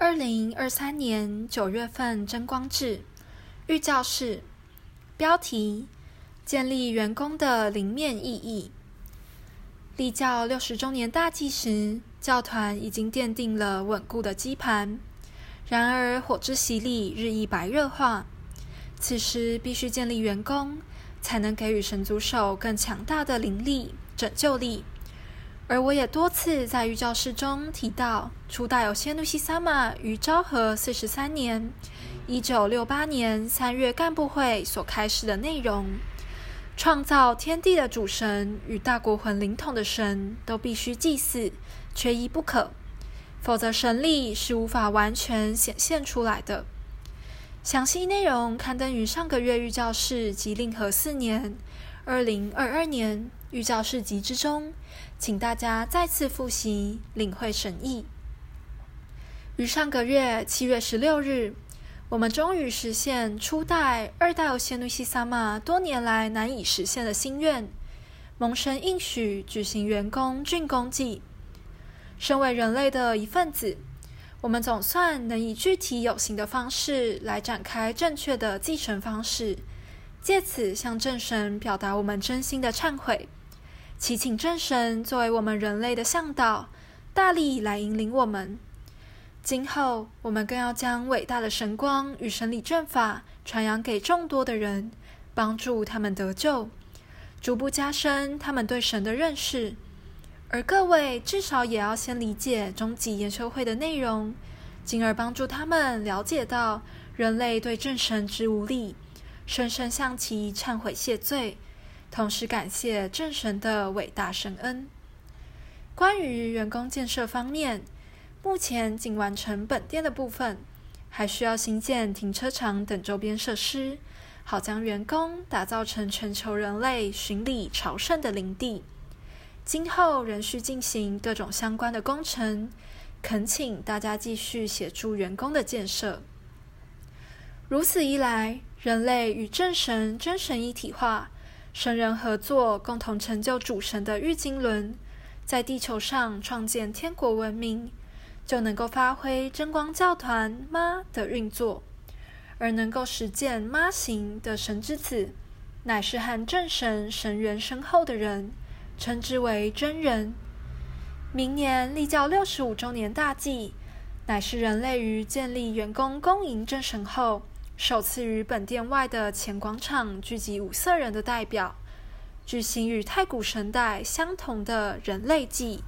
二零二三年九月份，真光誌御教示，標題：建立元宮的靈面意義。立教六十周年大祭時，教團已經奠定了穩固的基盤。然而，火之洗禮日益白熱化，此時必須建立元宮，才能給予神組手更強大的靈力、拯救力。而我也多次在御教示中提到，初代有仙路西薩瑪於昭和四十三年 （1968 年）三月幹部會所開示的內容：創造天地的主神與大國魂靈統的神都必須祭祀，缺一不可，否則神力是無法完全顯現出來的。詳細內容刊登於上個月御教示及令和四年。二零二二年御教示集之中，請大家再次複習領會神意。於上個月七月十六日，我們終於實現初代、二代仙路西薩瑪多年來難以實現的心願，蒙神應許舉行元宮竣工祭。身為人類的一份子，我們總算能以具體有形的方式來展開正確的繼承方式。借此向正神表達我們真心的懺悔，祈請正神作為我們人類的向導，大力來引領我們。今後我們更要將偉大的神光與神理正法傳揚給眾多的人，幫助他們得救，逐步加深他們對神的認識。而各位至少也要先理解終極研修會的內容，進而幫助他們了解到人類對正神之無力。深深向其懺悔謝罪，同時感謝正神的偉大神恩。關於元宮建設方面，目前僅完成本店的部分，還需要新建停車場等周邊設施，好將元宮打造成全球人類巡禮朝聖的靈地。今後仍需進行各種相關的工程，懇請大家繼續協助元宮的建設。如此一來。人類與正神、真神一體化，神人合作，共同成就主神的御經綸，在地球上創建天國文明，就能夠發揮真光教團媽的運作，而能夠實踐媽行的神之子，乃是和正神神緣深厚的人，稱之為真人。明年立教六十五周年大祭，乃是人類於建立元宮恭迎正神後，首次於本殿外的前廣場聚集五色人的代表，舉行與太古神代相同的人類祭。